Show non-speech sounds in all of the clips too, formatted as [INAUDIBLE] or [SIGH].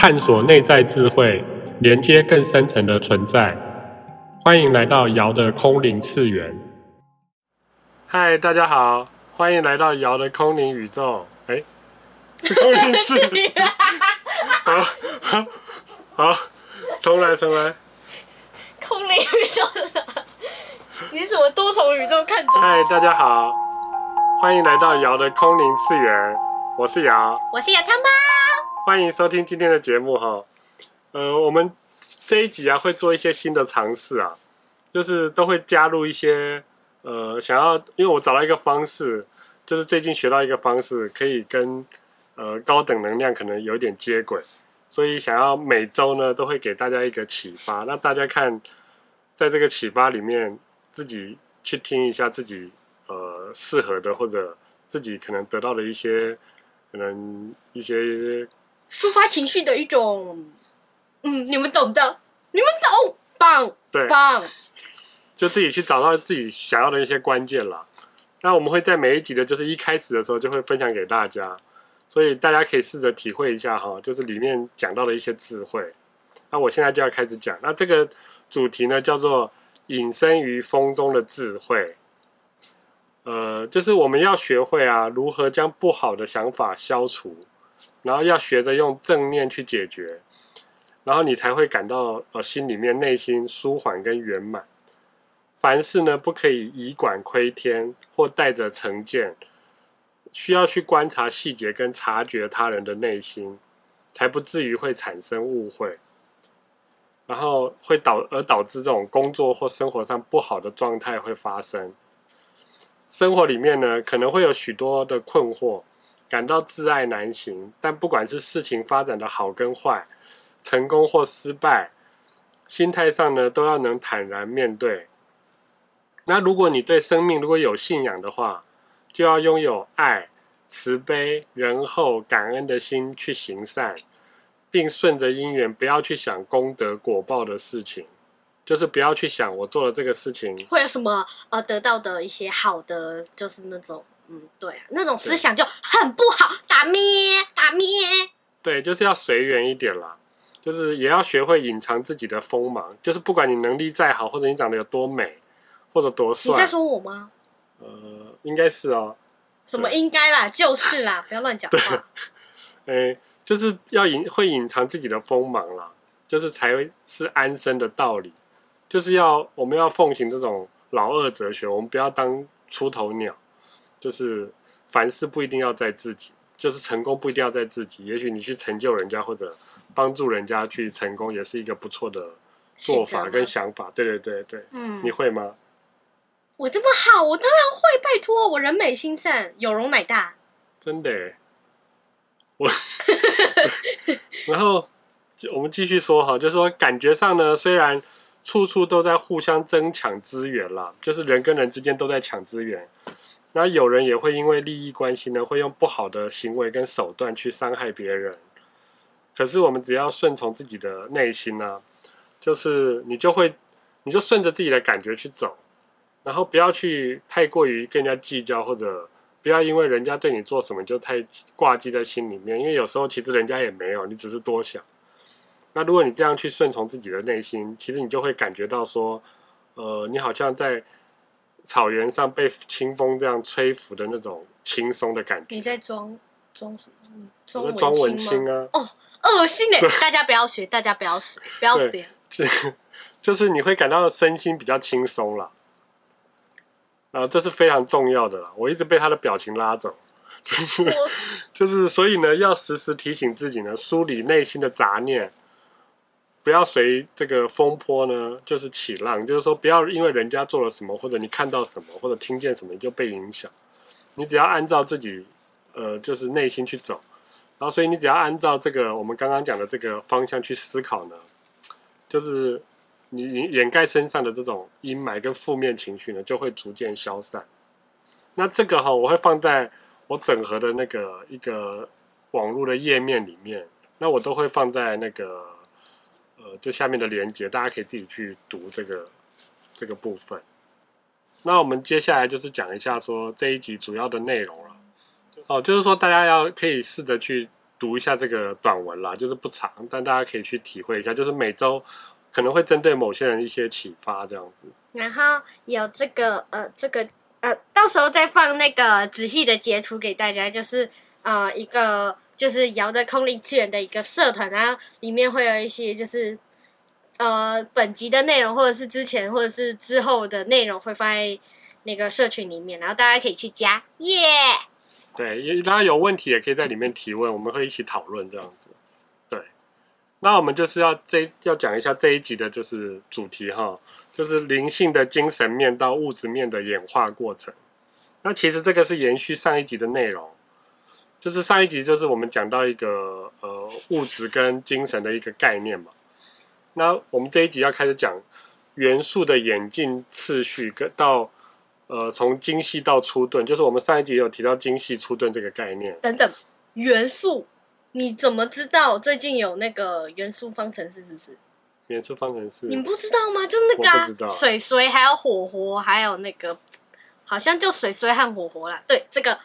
探索內在智慧，連接更深層的存在。歡迎來到堯的空靈次元。嗨，大家好，歡迎來到堯的空靈宇宙。哎，空靈次元。好，好，重來，重來。空靈宇宙你怎麼都從宇宙看？嗨，大家好，歡迎來到堯的空靈次元。我是堯。我是姚湯包。歡迎收聽今天的節目哈，呃，我們這一集啊會做一些新的嘗試啊，就是都會加入一些呃，想要，因為我找到一個方式，就是最近學到一個方式，可以跟呃高等能量可能有點接軌，所以想要每周呢都會給大家一個啟發，那大家看在這個啟發裡面自己去聽一下自己呃適合的或者自己可能得到的一些可能一些。抒發情緒的一種，嗯，你們懂的，你們懂，棒，棒，對，棒，就自己去找到自己想要的一些關鍵了。那我們會在每一集的，就是一開始的時候，就會分享給大家，所以大家可以試着體會一下哈，就是裡面講到的一些智慧。那我現在就要開始講，那這個主題呢，叫做“隱身於風中的智慧”。呃，就是我們要學會啊，如何將不好的想法消除。然後要學着用正念去解決，然後你才會感到呃心裡面內心舒緩跟圓滿。凡事呢，不可以以管窺天，或帶着成見，需要去觀察細節跟察覺他人的內心，才不至於會產生誤會，然後會導而導致這種工作或生活上不好的狀態會發生。生活裡面呢，可能會有許多的困惑。感到自愛難行，但不管是事情發展的好跟壞，成功或失敗，心態上呢都要能坦然面對。那如果你對生命如果有信仰的話，就要擁有愛、慈悲、仁厚、感恩的心去行善，並順着因緣，不要去想功德果報的事情，就是不要去想我做了這個事情會有什麼呃得到的一些好的，就是那種。嗯，對啊，那種思想就很不好。對打咩？打咩？對，就是要隨緣一點啦，就是也要學會隱藏自己的鋒芒。就是不管你能力再好，或者你長得有多美，或者多……帥。你在說我嗎？呃，應該是哦。什麼應該啦？就是啦， [LAUGHS] 不要亂講話。對、哎，就是要隱會隱藏自己的鋒芒啦，就是才是安身的道理。就是要我們要奉行這種老二哲學，我們不要當出頭鳥。就是凡事不一定要在自己，就是成功不一定要在自己。也許你去成就人家或者幫助人家去成功，也是一個不錯的做法跟想法。對對對對，嗯，你會嗎？我這麼好，我當然會。拜託，我人美心善，有容乃大。真的，我。 [LAUGHS] [LAUGHS] [LAUGHS] 然後我們繼續說哈，就是說感覺上呢，雖然處處都在互相爭搶資源啦，就是人跟人之間都在搶資源。那有人也會因為利益關係呢，會用不好的行為跟手段去傷害別人。可是我們只要順從自己的內心呢、啊，就是你就會，你就順着自己的感覺去走，然後不要去太過於跟人家計較，或者不要因為人家對你做什麼就太掛記在心裡面。因為有時候其實人家也沒有，你只是多想。那如果你這樣去順從自己的內心，其實你就會感覺到說，呃，你好像在。草原上被清風這樣吹拂的那種輕鬆的感覺。你在裝裝什麼？裝文，裝文青啊？哦，噁心的，對大家不要學，大家不要學，不要學。就是你會感到身心比較輕鬆了，然、啊、這是非常重要的了。我一直被他的表情拉走，就是就是，所以呢，要時時提醒自己呢，梳理內心的雜念。不要隨這個風波呢，就是起浪，就是說不要因為人家做了什麼，或者你看到什麼，或者聽見什麼，你就被影響。你只要按照自己，呃，就是內心去走，然後所以你只要按照這個我們剛剛講的這個方向去思考呢，就是你掩掩蓋身上的這種陰霾跟負面情緒呢，就會逐漸消散。那這個哈，我會放在我整合的那個一個網絡的頁面裡面，那我都會放在那個。呃，這下面的連接，大家可以自己去讀這個這個部分。那我們接下來就是講一下說這一集主要的內容了。哦、呃，就是說大家要可以試着去讀一下這個短文啦，就是不長，但大家可以去體會一下。就是每週可能會針對某些人一些啟發這樣子。然後有這個呃，這個呃，到時候再放那個仔細的截圖給大家，就是呃一個。就是搖的空靈次元的一個社團，然後裡面會有一些，就是呃本集的內容，或者是之前，或者是之後的內容，會放在那個社群裡面，然後大家可以去加，耶、yeah!。對，也大家有問題也可以在裡面提問，我們會一起討論這樣子。對，那我們就是要這要講一下這一集的就是主題哈，就是靈性的精神面到物質面的演化過程。那其實這個是延續上一集的內容。就是上一集就是我們講到一個呃物質跟精神的一個概念嘛，那我們這一集要開始講元素的演進次序跟到呃從精細到粗鈍，就是我們上一集也有提到精細粗鈍這個概念。等等，元素你怎麼知道最近有那個元素方程式？是不是元素方程式？你們不知道嗎？就那個、啊、水水還有火火，還有那個好像就水水和火火啦。對，這個。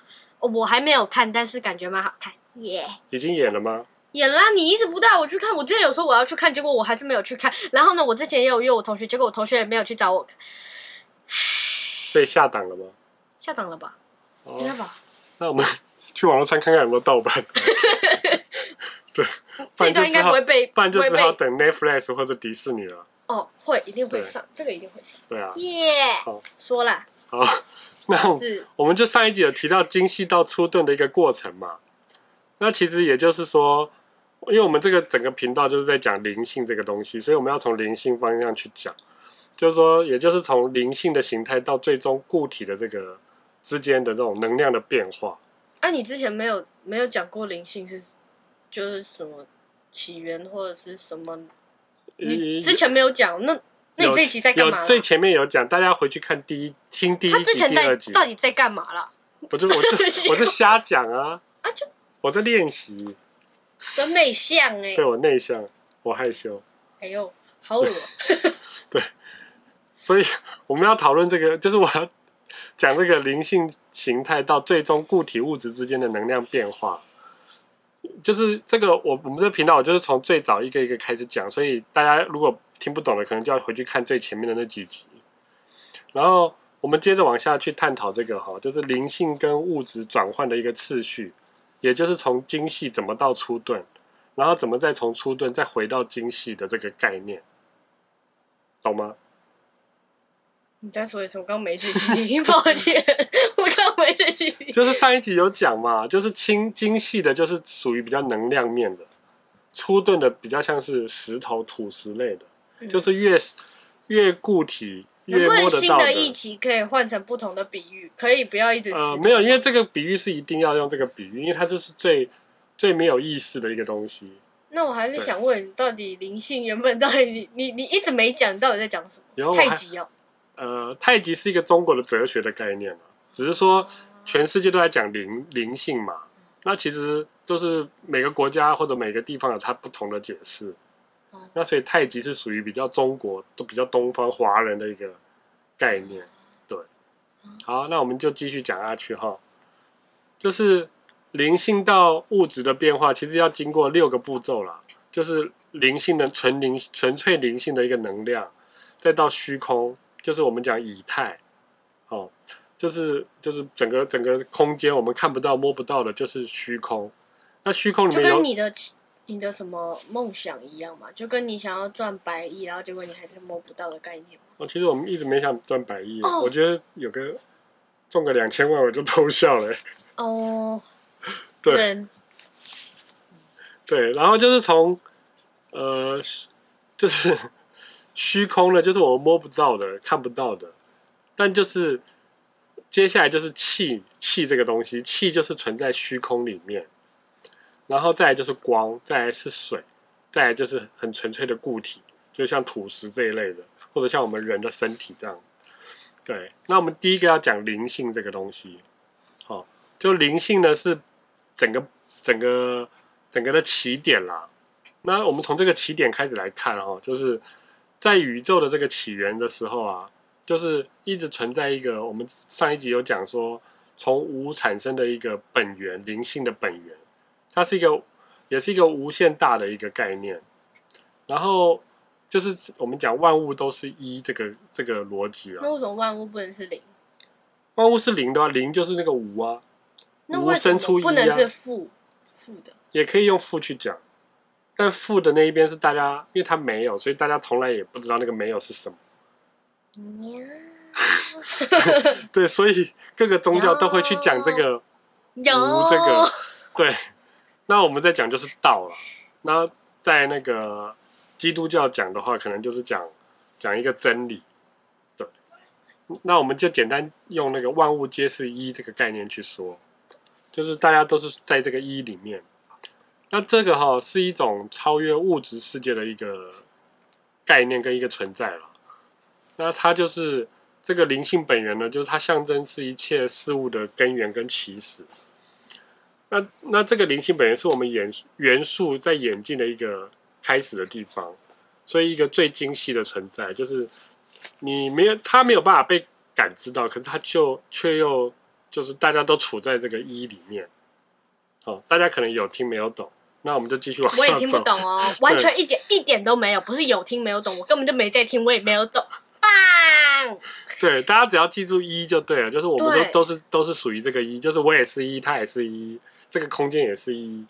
我還沒有看，但是感覺蠻好看，耶！已經演了嗎？演了，你一直不帶我去看。我之前有說我要去看，結果我還是沒有去看。然後呢，我之前也有約我同學，結果我同學也沒有去找我。所以下檔了嗎？下檔了吧，應該吧。那我們去網路上看看有沒有盜版。對，這一段應該不會被，不然就只好等 Netflix 或者迪士尼了。哦，會，一定會上，這個一定會上。對啊，耶！好，說啦。好。那是我們就上一集有提到精細到粗鈍的一個過程嘛。那其實也就是說，因為我們這個整個頻道就是在講靈性這個東西，所以我們要從靈性方向去講，就是說，也就是從靈性的形態到最終固體的這個之間的這種能量的變化。哎、啊，你之前沒有沒有講過靈性是就是什麼起源或者是什麼？你之前沒有講那。欸有那你這一集在幹嘛啦？有最前面有講，大家回去看第一，聽第一集，他之前在第二集，到底在幹嘛啦？不是我，我是瞎講啊！啊，就我在練習，很內向哎。對，我內向，我害羞。哎呦，好噁。對，所以我們要討論這個，就是我要講這個靈性形態到最終固體物質之間的能量變化，就是這個我我們這頻道我就是從最早一個一個開始講，所以大家如果。聽不懂的可能就要回去看最前面的那幾集，然後我們接着往下去探討這個哈，就是靈性跟物質轉換的一個次序，也就是從精細怎麼到粗鈍，然後怎麼再從粗鈍再回到精細的這個概念，懂嗎？你再說一次，我剛剛沒仔細聽 [LAUGHS] 抱歉，我剛剛沒仔細聽。就是上一集有講嘛，就是輕精細的，就是屬於比較能量面的，粗鈍的比較像是石頭、土石類的。就是越越固體，越摸得到的。能不能新的議題可以換成不同的比喻，可以不要一直。呃，沒有，因為這個比喻是一定要用這個比喻，因為它就是最最沒有意思的一個東西。那我還是想問，對到底靈性原本到底你你你一直沒講到底在講什麼？太極要呃，太極是一個中國的哲學的概念啊，只是說全世界都在講靈靈性嘛，那其實就是每個國家或者每個地方有它不同的解釋。那所以太極是屬於比較中國，都比較東方華人的一個概念，對。好，那我們就繼續講下去哈。就是靈性到物質的變化，其實要經過六個步驟啦。就是靈性的純靈純粹靈性的一個能量，再到虛空，就是我們講以太，哦，就是就是整個整個空間我們看不到摸不到的，就是虛空。那虛空裡面有你的什麼夢想一樣嘛？就跟你想要賺百億，然後結果你還是摸不到的概念嗎？哦，其實我們一直沒想賺百億，oh, 我覺得有個中個兩千萬，我就偷笑了欸。哦，oh, [LAUGHS] 對，對，然後就是從呃，就是虛空的，就是我摸不到的、看不到的，但就是接下來就是氣，氣這個東西，氣就是存在虛空裡面。然後再來就是光，再來是水，再來就是很純粹的固體，就像土石這一類的，或者像我們人的身體這樣。對，那我們第一個要講靈性這個東西，好、哦，就靈性呢是整個整個整個的起點啦、啊。那我們從這個起點開始來看、啊，哈，就是在宇宙的這個起源的時候啊，就是一直存在一個我們上一集有講說，從無產生的一個本源，靈性的本源。它是一個，也是一個無限大的一個概念，然後就是我們講萬物都是一這個這個邏輯啊。那為什麼萬物不能是零？萬物是零的話，零就是那個無啊，無生出一不能是負負的，也可以用負去講，但負的那一邊是大家，因為它沒有，所以大家從來也不知道那個沒有是什麼。喵 [LAUGHS] 對，所以各個宗教都會去講這個喵無這個，對。那我們再講就是道了。那在那個基督教講的話，可能就是講講一個真理。對，那我們就簡單用那個萬物皆是一這個概念去說，就是大家都是在這個一裡面。那這個哈、哦、是一種超越物質世界的一個概念跟一個存在了。那它就是這個靈性本源呢，就是它象徵是一切事物的根源跟起始。那那這個靈性本身是我們演元素在演進的一個開始的地方，所以一個最精細的存在就是你沒有它沒有辦法被感知到，可是它就卻又就是大家都處在這個一裡面。哦，大家可能有聽沒有懂，那我們就繼續往下。我也聽不懂哦，完全一點一點都沒有，不是有聽沒有懂，我根本就沒在聽， [LAUGHS] 我也沒有懂。棒。對，大家只要記住一就對了，就是我們都對都是都是屬於這個一，就是我也是一，他也是一。這個空間也是一，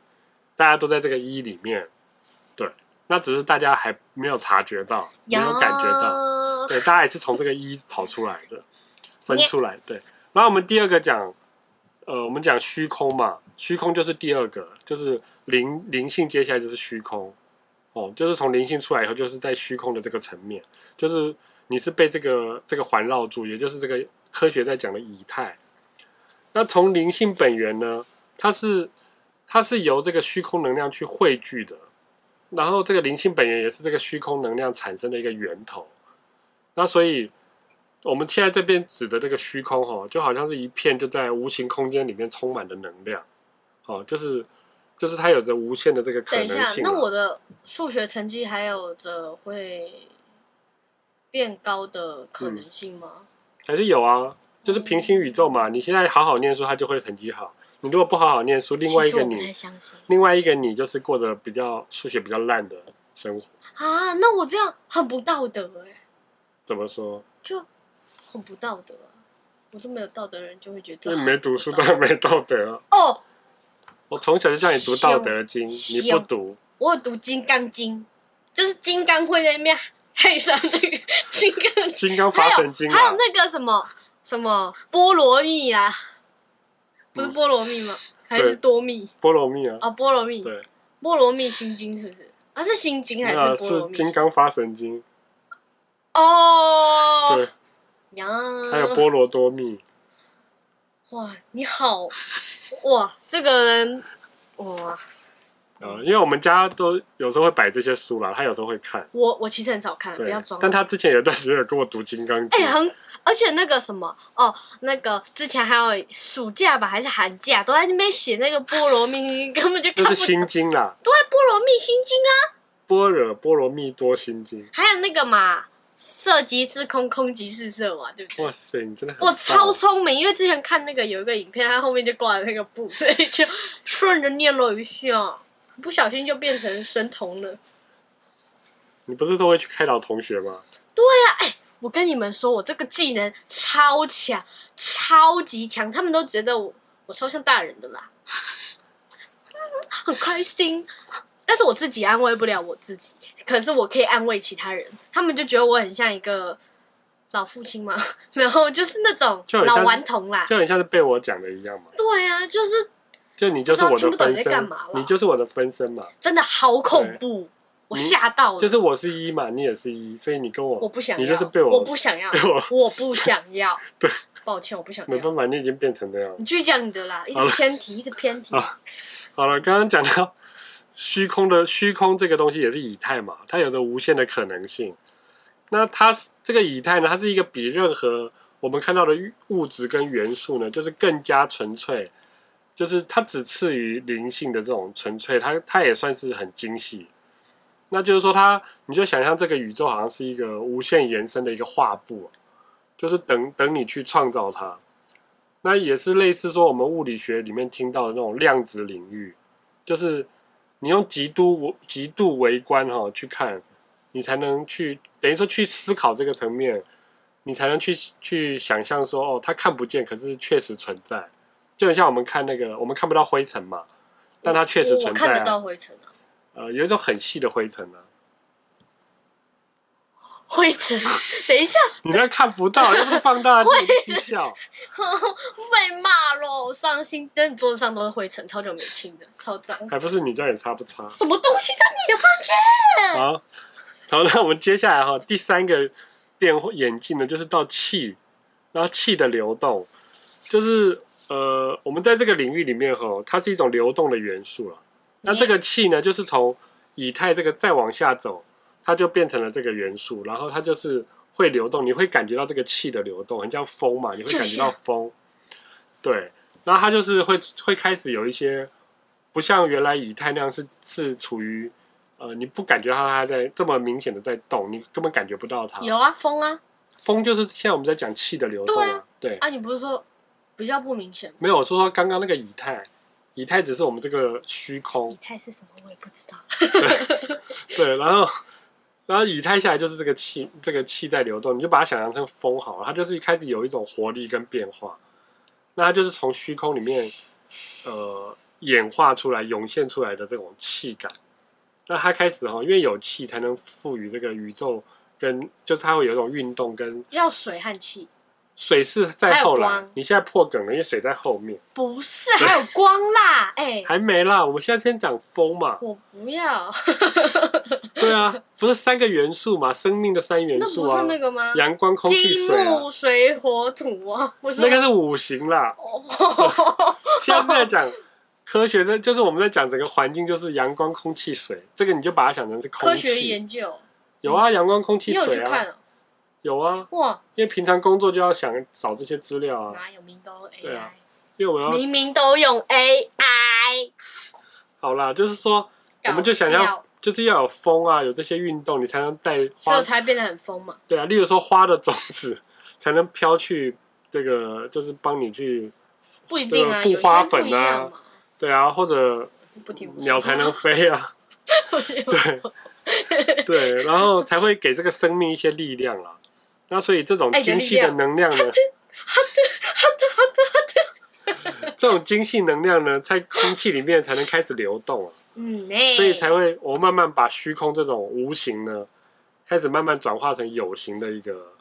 大家都在這個一裡面，對，那只是大家還沒有察覺到，沒有感覺到，對，大家也是從這個一跑出來的，分出來，對。然後我們第二個講，呃，我們講虛空嘛，虛空就是第二個，就是靈，靈性接下來就是虛空，哦，就是從靈性出來以後，就是在虛空的這個層面，就是你是被這個這個環繞住，也就是這個科學在講的以太。那從靈性本源呢？它是它是由這個虛空能量去匯聚的，然後這個靈性本源也是這個虛空能量產生的一個源頭。那所以我們現在這邊指的這個虛空哈，哦，就好像是一片就在無形空間裡面充滿的能量哦，就是就是它有着無限的這個可能性啊。等一下，那我的數學成績還有着會變高的可能性嗎？嗯，還是有啊，就是平行宇宙嘛。嗯，你現在好好念書，他就會成績好。你如果不好好念書，另外一個你，另外一個你就是過着比較數學比較爛的生活啊。那我這樣很不道德、欸、怎麼說？就很不道德、啊。我這麼有道德的人，就會覺得沒讀書當然沒道德、啊。哦，我從小就叫你讀《道德經》像，你不讀，我有讀《金剛經》，就是金剛會在那邊配上那個金剛金剛發神經，經還，有還有那個什麼、啊、什麼菠蘿蜜啊。不是菠蘿蜜嗎？還是多蜜？菠蘿蜜啊！啊，菠蘿蜜。對，菠蘿蜜心經是不是？啊，是心經還是菠蘿蜜蜜？菠、啊？是金剛發神經。哦。對呀。還有菠蘿多蜜。哇！你好哇！這個人哇！嗯、因為我們家都有時候會擺這些書啦，他有時候會看。我我其實很少看，對但他之前有段時間跟我讀金剛《金剛經》。哎，很，而且那個什麼，哦，那個之前還有暑假吧，還是寒假，都在那邊寫那個《菠蘿蜜》。 [LAUGHS] 根本就看不懂。就是《心經》啦。對，《波羅蜜心經》啊。般若波羅蜜多心經。還有那個嘛，色即是空，空即是色嘛，啊，對不對？哇塞，你真的很，啊。我超聰明，因為之前看那個有一個影片，他後面就掛了那個布，所以就順着念了一下。不小心就變成神童了、啊。你不是都會去開導同學嗎？對呀，哎，我跟你們說，我這個技能超強，超級強，他們都覺得我我超像大人的啦、嗯，很開心。但是我自己安慰不了我自己，可是我可以安慰其他人。他們就覺得我很像一個老父親嘛，然後就是那種老頑童啦，就很像是被我講的一樣嘛。對呀、啊，就是。就你就是我的分身，你，你就是我的分身嘛。真的好恐怖，對我嚇到了，嗯。就是我是一、e、嘛，你也是一、e，所以你跟我，我不想要，你就是被我，我不想要，我，我不想要。 [LAUGHS] 對，抱歉，我不想要。沒辦法，你已經變成這樣，你你去講你的啦，一直偏題，了一直偏題啊。好了，剛剛講到虛空的虛空這個東西也是以太嘛，它有着無限的可能性。那它這個以太呢，它是一個比任何我們看到的物質跟元素呢，就是更加純粹。就是它只次於靈性的這種純粹，它它也算是很精細。那就是說它，它你就想象這個宇宙好像是一個無限延伸的一個畫布，就是等等你去創造它。那也是類似說，我們物理學裡面聽到的那種量子領域，就是你用極度極度微觀哈、哦、去看，你才能去等於說去思考這個層面，你才能去去想象說哦，它看不見，可是確實存在。就很像我們看那個，我們看不到灰塵嘛，但它確實存在、啊。看不到灰塵啊、呃。有一種很細的灰塵啊。灰塵？等一下， [LAUGHS] 你那看不到， [LAUGHS] 塵要不是放大鏡灰塵？笑灰塵。 [LAUGHS] 被罵了，我傷心。桌子上都是灰塵，超久沒清的，超髒。還不是你這也擦不擦？什麼東西在你的房間？好，好，那我們接下來哈，第三個變化眼鏡呢，就是到氣，然後氣的流動，就是。呃，我們在這個領域裡面，吼，它是一種流動的元素了啊。那這個氣呢，就是從以太這個再往下走，它就變成了這個元素，然後它就是會流動，你會感覺到這個氣的流動，很像風嘛，你會感覺到風。對。下，對，然後它就是會會開始有一些，不像原來以太那樣是是處於，呃，你不感覺到它還在這麼明顯的在動，你根本感覺不到它。有啊，風啊，風就是現在我們在講氣的流動啊。對啊，對，啊，你不是說？比較不明顯。沒有，我說說剛剛那個以太，以太只是我們這個虛空。以太是什麼？我也不知道。對， [LAUGHS] 對，然後，然後以太下來就是這個氣，這個氣在流動，你就把它想象成風好了。它就是一開始有一種活力跟變化，那它就是從虛空裡面，呃，演化出來、湧現出來的這種氣感。那它開始哈，因為有氣才能賦予這個宇宙跟，跟就是它會有一種運動跟。要水和氣。水是在後來，你現在破梗了，因為水在後面。不是還有光啦，哎，還沒啦，我們現在先講風嘛。我不要。對啊，不是三個元素嘛，生命的三元素啊，不是那個嗎？陽光、空氣、水。金木水火土啊。那個是五行啦。現在在講科學就是我們在講整個環境，就是陽光、空氣、水。這個你就把它想成是科學研究。有啊，陽光、空氣、水啊。有啊，因為平常工作就要想找這些資料啊。哪有明都 AI？對啊，因為我要明明都用 AI。好啦，就是說，我們就想要，就是要有風啊，有這些運動，你才能帶，花。所以才變得很風嘛。對啊，例如說花的種子才能飄去，這個就是幫你去不一定啊，布花粉啊。對啊，或者鳥才能飛啊。對對，然後才會給這個生命一些力量啊。那所以這種精細的能量呢？這種精細能量呢，在空氣裡面才能開始流動啊。嗯，所以才會我慢慢把虛空這種無形呢，開始慢慢轉化成有形的一個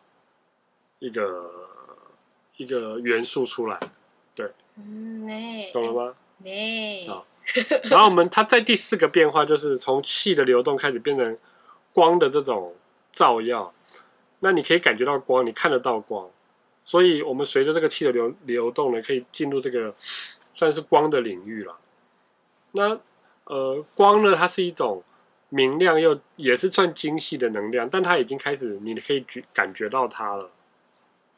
一個一個元素出來。對，嗯，懂了嗎？好。然後我們它在第四個變化，就是從氣的流動開始變成光的這種照耀。那你可以感覺到光，你看得到光，所以我們隨着這個氣的流流動呢，可以進入這個算是光的領域了。那呃，光呢，它是一種明亮又也是算精細的能量，但它已經開始，你可以感覺到它了。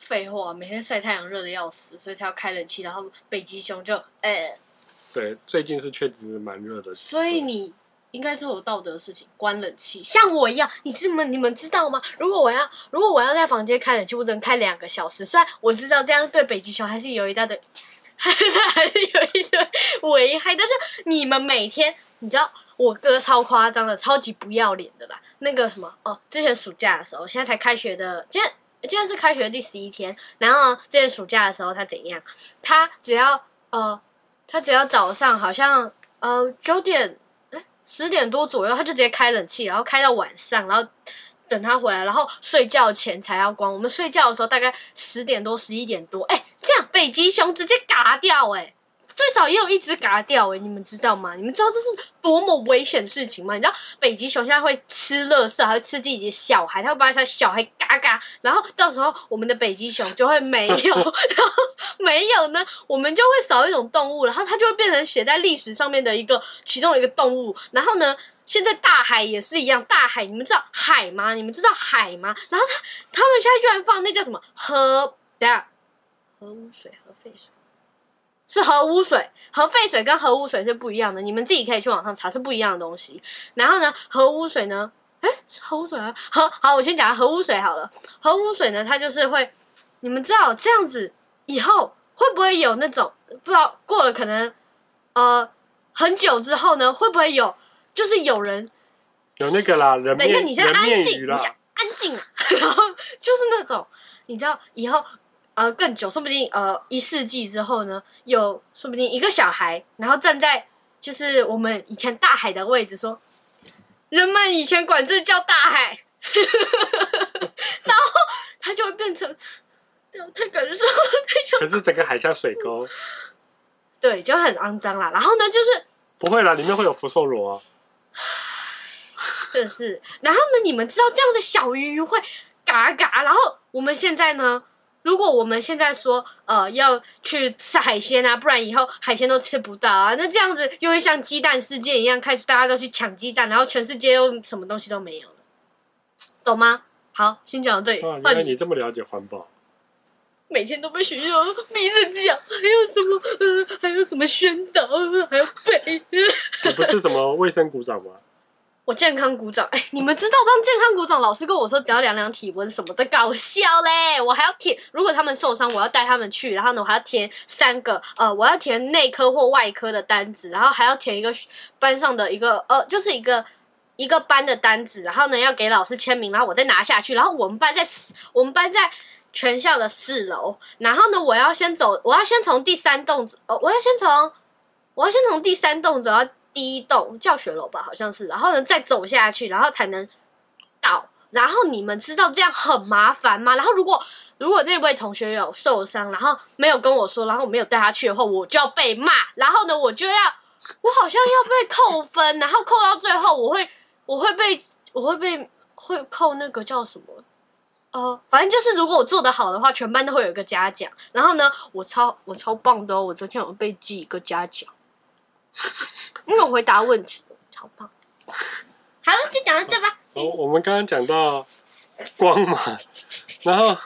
廢話，每天曬太陽熱得要死，所以才要開冷氣。然後北極熊就誒。欸、對，最近是確實蠻熱的。所以你。應該做有道德的事情，關冷氣，像我一樣。你知嗎你，你們知道嗎？如果我要，如果我要在房間開冷氣，我只能開兩個小時。雖然我知道這樣對北極熊還是有一大堆，還是還是有一堆危害。但是你們每天，你知道我哥超誇張的，超級不要臉的啦。那個什麼哦，之前暑假的時候，現在才開學的，今天今天是開學的第十一天。然後之前暑假的時候，他怎樣？他只要呃，他只要早上好像呃九點，十點多左右，他就直接開冷氣，然後開到晚上，然後等他回來，然後睡覺前才要關。我們睡覺的時候大概十點多、十一點多，誒、欸、這樣北極熊直接嘎掉、欸，誒最少也有一隻嘎掉，哎、欸，你們知道嗎？你們知道這是多麼危險的事情嗎？你知道北極熊現在會吃垃圾，還會吃自己的小孩，他會把他小孩嘎嘎，然後到時候我們的北極熊就會沒有，然後 [LAUGHS] [LAUGHS] 沒有呢，我們就會少一種動物，然後它就會變成寫在歷史上面的一個其中一個動物。然後呢，現在大海也是一樣，大海，你們知道海嗎？你們知道海嗎？然後它他們現在居然放那叫什麼核的，核污水、核廢水。是核污水，核廢水跟核污水是不一樣的，你們自己可以去網上查，是不一樣的東西。然後呢，核污水呢，欸、是核污水啊，核好，我先講核污水好了。核污水呢，它就是會，你們知道這樣子以後會不會有那種不知道過了可能呃很久之後呢，會不會有就是有人有那個啦，人面，你看你先，人面魚啦，你先安靜，然後就是那種你知道以後。呃，更久，說不定呃，一世紀之後呢，有說不定一個小孩，然後站在就是我們以前大海的位置，說，人們以前管這叫大海， [LAUGHS] 然後他就會變成，對，太搞笑，太可是整個海下水溝，對，就很骯髒啦。然後呢，就是不會啦，裡面會有福壽螺啊。真是，然後呢，你們知道這樣的小魚魚會嘎嘎，然後我們現在呢？如果我們現在說，呃，要去吃海鮮啊，不然以後海鮮都吃不到啊，那這樣子又會像雞蛋事件一樣，開始大家都去搶雞蛋，然後全世界又什麼東西都沒有了，懂嗎？好，先講對。啊，原來你這麼了解環保。每天都被學校逼着講，還有什麼？呃，還有什麼宣導、呃，還要背。 [LAUGHS] 你不是什麼衛生股長嗎？我健康股長，哎、欸，你們知道當健康股長老師跟我說只要量量體溫什麼的，搞笑嘞，我還要填。如果他們受傷，我要帶他們去。然後呢，我還要填三個，呃，我要填內科或外科的單子，然後還要填一個班上的一個，呃，就是一個一個班的單子。然後呢，要給老師簽名，然後我再拿下去。然後我們班在四，我們班在全校的四樓。然後呢，我要先走，我要先從第三棟呃、哦，我要先從我要先從第三棟走。第一棟教學樓吧，好像是，然後呢，再走下去，然後才能到，然後你們知道這樣很麻煩嗎？然後如果如果那位同學有受傷，然後沒有跟我說，然後我沒有帶他去的話，我就要被罵。然後呢，我就要，我好像要被扣分。 [LAUGHS] 然後扣到最後我，我會我會被我會被會扣那個叫什麼？呃，反正就是如果我做得好的話，全班都會有一個嘉獎。然後呢，我超我超棒的哦！我昨天有被記一個嘉獎。沒有回答問題，超棒！好了，就講到這吧。我、啊哦、我們剛剛講到光嘛， [LAUGHS] 然後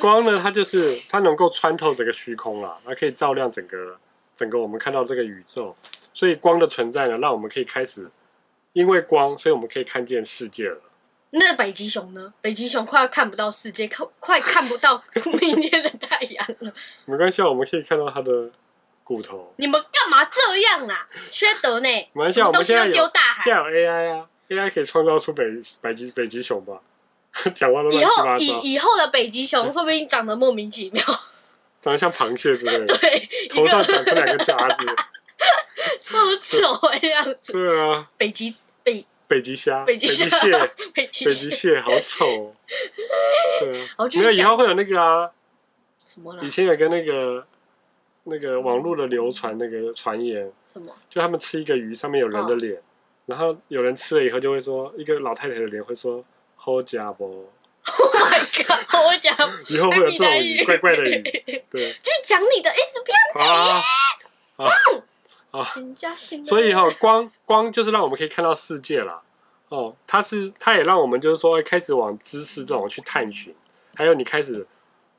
光呢，它就是它能夠穿透整個虛空啊，它可以照亮整個整個我們看到這個宇宙，所以光的存在呢，讓我們可以開始，因為光，所以我們可以看見世界了。那北極熊呢？北極熊快要看不到世界，看快看不到明天的太陽了。 [LAUGHS] 沒關係、啊，我們可以看到它的。骨頭，你們幹嘛這樣啊？缺德呢！什麼東西丟大海？現在有 AI 啊，AI 可以創造出北北極北極熊吧？講話都亂七八糟。以後以以後的北極熊說不定長得莫名其妙，長得像螃蟹之類的，對，頭上長出兩個夾子，這麼醜的樣子。對啊，北極北北極蝦，北極蟹，北極蟹好醜。對啊，沒有以後會有那個啊？什麼？以前有跟那個。那個網絡的流傳那個傳言，什麼？就他們吃一個魚，上面有人的臉，然後有人吃了以後就會說，一個老太太的臉會說“好家不？”Oh my god，好家。以後會有這種魚，怪怪的魚，對。就講你的，一直不要停。啊啊！所以哦，光光就是讓我們可以看到世界啦。哦，它是他也讓我們就是說會開始往知識這種去探尋，還有你開始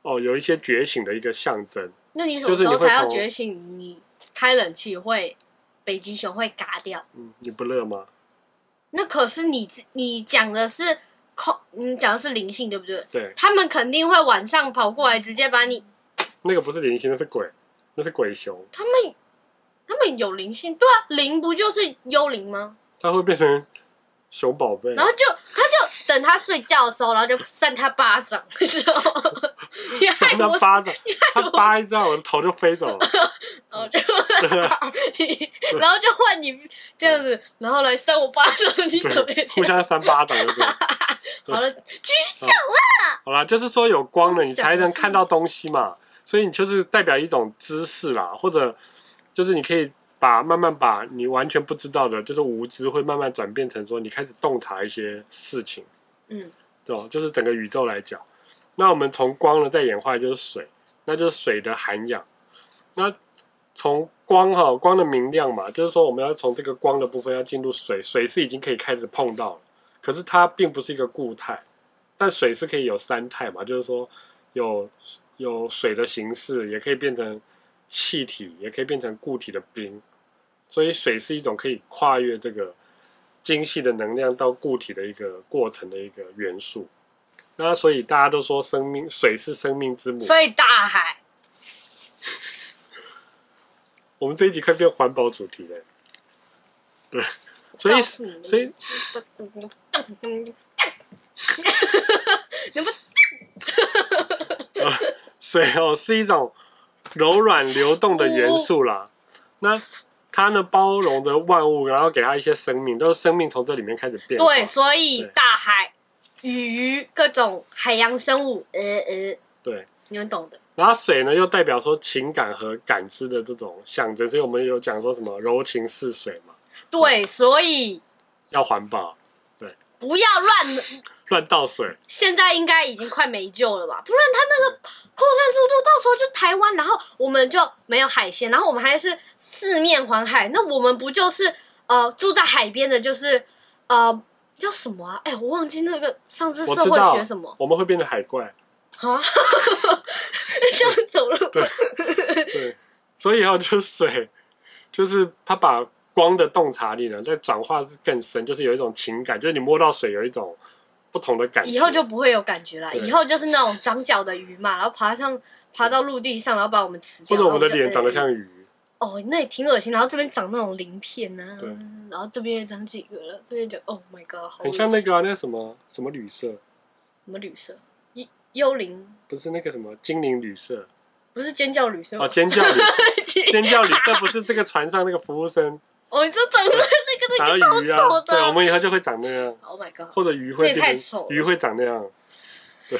哦有一些覺醒的一個象徵。那你什麼時候才要覺醒？你，你開冷氣會，北極熊會嘎掉。嗯，你不熱嗎？那可是你你講的是空，你講的是靈性對不對？對。他們肯定會晚上跑過來，直接把你。那個不是靈性，那是鬼，那是鬼熊。他們，他們有靈性，對啊，靈不就是幽靈嗎？他會變成熊寶貝，然後就他就等他睡覺的時候，然後就扇他巴掌，的時候你挨我巴掌，他扒一下，我的頭就飛走了，然後就，然後就換你這樣子，然後來扇我巴掌，你可別互相扇巴掌，好了，繼續講話！好了，就是說有光的你才能看到東西嘛，所以你就是代表一種知識啦，或者就是你可以把慢慢把你完全不知道的，就是無知，會慢慢轉變成說你開始洞察一些事情，嗯，對就是整個宇宙來講。那我們從光呢，再演化就是水，那就是水的涵養。那從光哈，光的明亮嘛，就是說我們要從這個光的部分要進入水，水是已經可以開始碰到了，可是它並不是一個固態，但水是可以有三態嘛，就是說有有水的形式，也可以變成氣體，也可以變成固體的冰，所以水是一種可以跨越這個精細的能量到固體的一個過程的一個元素。那所以大家都說，生命水是生命之母，所以大海。 [LAUGHS] 我們這一集可以變環保主題的，對，所以所以。哈哈哈，水哦、喔、是一種柔軟流動的元素啦，哦、那它呢，包容着萬物，然後給它一些生命，都是生命從這裡面開始變。對，所以大海。魚，各種海洋生物，呃、欸、呃，欸、對，你們懂的。然後水呢，又代表說情感和感知的這種象徵。所以我們有講說什麼“柔情似水”嘛？對，嗯、所以要環保，對，不要亂 [LAUGHS] 亂亂倒水。現在應該已經快沒救了吧？不然它那個擴散速度，到時候就台灣，然後我們就沒有海鮮，然後我們還是四面環海，那我們不就是呃住在海邊的，就是呃。叫什麼啊？哎、欸，我忘記那個上次社會學什麼，我，我們會變成海怪啊？哈哈哈像走路。對，對。所以還有就是水，就是他把光的洞察力呢，再轉化是更深，就是有一種情感，就是你摸到水有一種不同的感覺。以後就不會有感覺了，對以後就是那種長腳的魚嘛，然後爬上爬到陸地上，然後把我們吃掉，或者我們的臉、欸、長得像魚。哦，那也挺噁心。然後這邊長那種鱗片呢，然後這邊也長幾個了。這邊就 Oh my God，很像那個那個什麼什麼旅社，什麼旅社，幽靈不是那個什麼精靈旅社，不是尖叫旅社哦，尖叫旅尖叫旅社不是這個船上那個服務生哦，你就長那個那個醜丑的，對，我們以後就會長那樣。Oh my God，或者魚會太醜，魚會長那樣，對。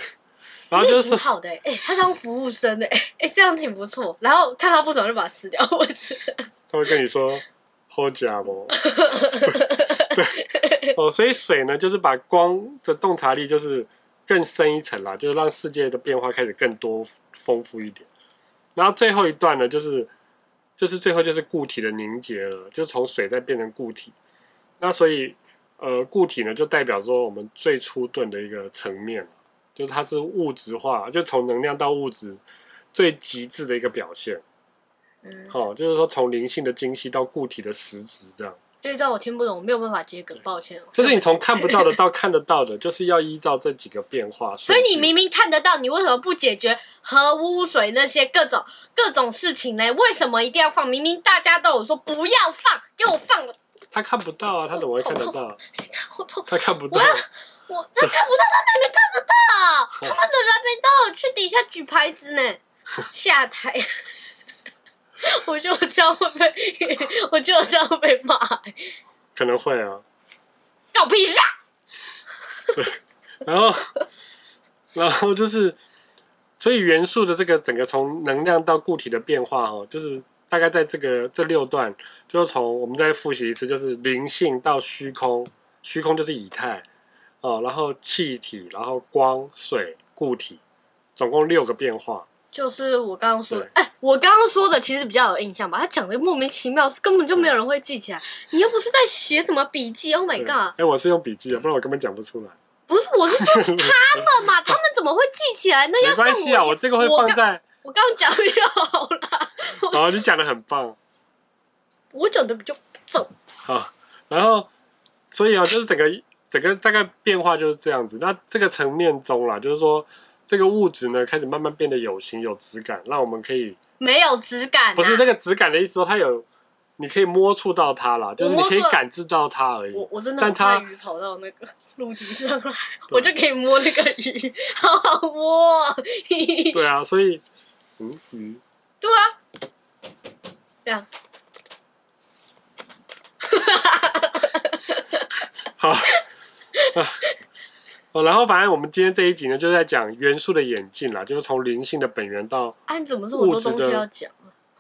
然後就是好的、欸，哎、欸，他當服務生、欸，哎，哎，這樣挺不錯。然後看他不爽就把它吃掉，我吃。他會跟你說喝假哦。對哦，所以水呢，就是把光的洞察力就是更深一層啦，就是讓世界的變化開始更多豐富一點。然後最後一段呢，就是就是最後就是固體的凝結了，就從水再變成固體。那所以呃，固體呢，就代表說我們最初頓的一個層面。就是它是物質化，就從能量到物質最極致的一個表現。嗯，好，就是說從靈性的精細到固體的實質這樣。這一段我聽不懂，我沒有辦法接梗，抱歉。就是你從看不到的到看得到的，就是要依照這幾個變化。所以你明明看得到，你為什麼不解決核污水那些各種各種事情呢？為什麼一定要放？明明大家都有說不要放，給我放。他看不到啊，他怎麼會看得到？心口痛。他看不到。我他看不到，他妹妹看得到，啊。哦、他們的人都，還沒到去底下舉牌子呢，下台。 [LAUGHS] [LAUGHS] 我就這樣會被，我就這樣會被罵。可能會啊，搞屁呀！ [LAUGHS] [LAUGHS] 然後，然後就是，所以元素的這個整個從能量到固體的變化，哦，就是大概在這個這六段，就從我們再複習一次，就是靈性到虛空，虛空就是以太。哦，然後氣體，然後光、水、固體，總共六個變化。就是我剛剛說的，哎對，我剛剛說的其實比較有印象吧？他講的莫名其妙，是根本就沒有人會記起來。嗯、你又不是在寫什麼筆記，Oh my god！哎，我是用筆記的，不然我根本講不出來。不是，我是說他們嘛， [LAUGHS] 他們怎麼會記起來？那、啊、要送我啊！我這個會放在我剛，我剛講好了。好、哦，你講的很棒，我講的比較早。好、哦，然後所以啊，就是整個。 [LAUGHS] 整個大概變化就是這樣子。那這個層面中啦，就是說這個物質呢，開始慢慢變得有形有質感，讓我們可以沒有質感、啊。不是那個質感的意思說，說它有，你可以摸觸到它啦，就是你可以感知到它而已。我我真的看到它魚跑到那個陸地上來，對我就可以摸那個魚，好好摸、哦。 [LAUGHS] 對啊，所以嗯嗯，嗯對啊，這樣， [LAUGHS] 好。啊，哦，然後反正我們今天這一集呢，就是在講元素的演進啦，就是從靈性的本源到……啊，你怎麼這麼多東西要講？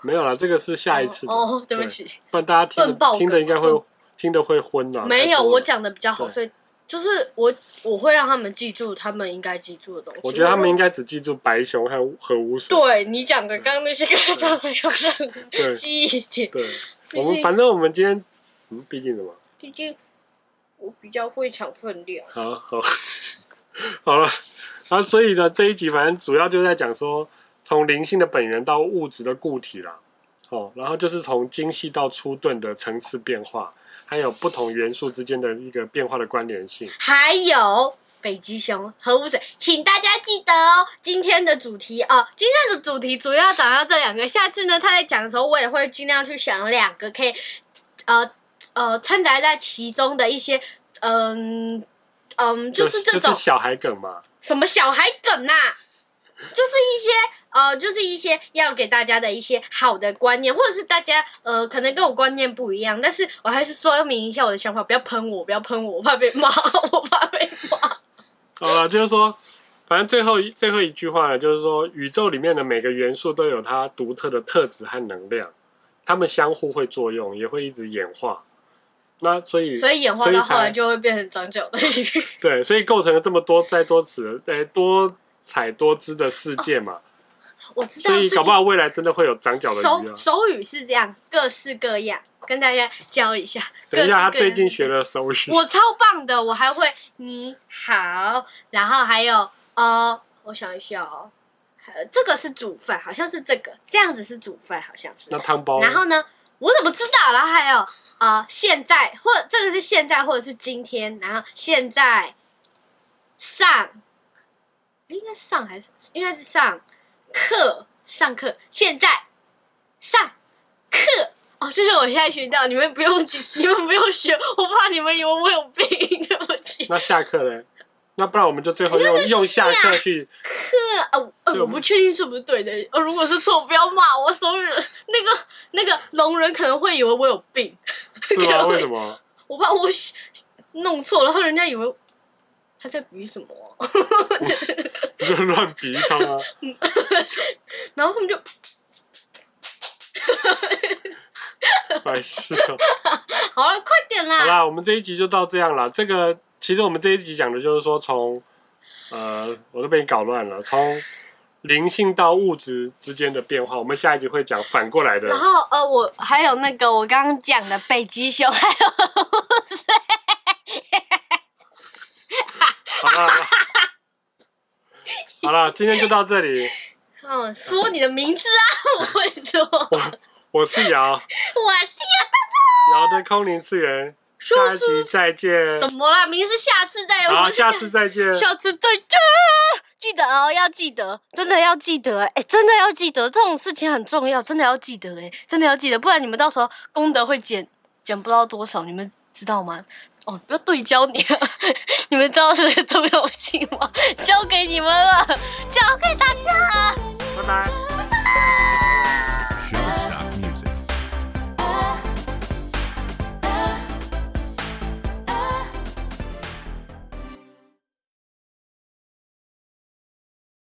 沒有了，這個是下一次。哦，對不起，反正大家聽的應該會聽的會昏了。沒有，我講的比較好，所以就是我我會讓他們記住他們應該記住的東西。我覺得他們應該只記住白熊和和烏蛇。對，你講的剛剛那些個叫白熊記對點對，我們反正我們今天嗯，畢竟什麼？畢竟。我比較會搶分量。好好好了，然後所以呢，這一集反正主要就是在講說，從靈性的本源到物質的固體啦，哦，然後就是從精細到粗鈍的層次變化，還有不同元素之間的一個變化的關聯性。還有北極熊和污水，請大家記得哦。今天的主題哦、呃，今天的主題主要講到這兩個。下次呢，他在講的時候，我也會盡量去想兩個可以，呃。呃，摻雜在其中的一些，嗯嗯，就是這種是小孩梗嘛？什麼小孩梗吶、啊？就是一些呃，就是一些要給大家的一些好的觀念，或者是大家呃，可能跟我觀念不一樣，但是我還是說明一下我的想法，不要噴我，不要噴我，我怕被罵，我怕被罵。好了、 [LAUGHS] 嗯，就是說，反正最後一最後一句話呢，就是說，宇宙裡面的每個元素都有它獨特的特質和能量，它們相互會作用，也會一直演化。那所以，所以演化到後來就會變成長腳的魚，對，所以構成了這麼多，多的、再多齒、多彩多姿的世界嘛。哦、我知道，所以搞不好未來真的會有長腳的魚、啊手。手語是這樣，各式各樣，跟大家教一下。等一下，各各他最近學了手語，我超棒的，我還會你好，然後還有哦、呃，我想一下哦，這個是煮飯，好像是這個，這樣子是煮飯，好像是那湯包。然後呢？我怎麼知道然後，還有啊、呃，現在或這個是現在，或者是今天。然後現在上，應該上還是應該是上課？上課，現在上課哦，這、就是我現在學到，你們不用，你們不用學，我怕你們以為我有病， [LAUGHS] 對不起。那下課了。那不然我們就最後用下用下課去課啊？呃、我，我不確定是不是對的。呃，如果是錯，不要罵我，所有人，那個那個聾人可能會以為我有病。是嗎為什麼？我怕我弄錯，然後人家以為他在比什麼？哈哈哈，就是亂比一通啊。 [LAUGHS] 然後他們就， [LAUGHS] 啊、好了，快點啦！好了，我們這一集就到這樣了。這個。其實我們這一集講的就是說從，從呃，我都被你搞亂了，從靈性到物質之間的變化。我們下一集會講反過來的。然後呃，我還有那個我剛剛講的北極熊，還有。好了，今天就到這裡。嗯、哦，說你的名字啊！ [LAUGHS] [LAUGHS] 我會說，我是瑤，我是瑤的空靈次元。下次再見。什麼啦？明天是下次再見。好，下次再見。下次再見，記得哦，要記得，真的要記得、欸，哎、欸，真的要記得，這種事情很重要，真的要記得、欸，哎，真的要記得，不然你們到時候功德會減，減不到多少，你們知道嗎？哦，不要對焦你了，你們知道這個重要性嗎？交給你們了，交給大家。拜拜。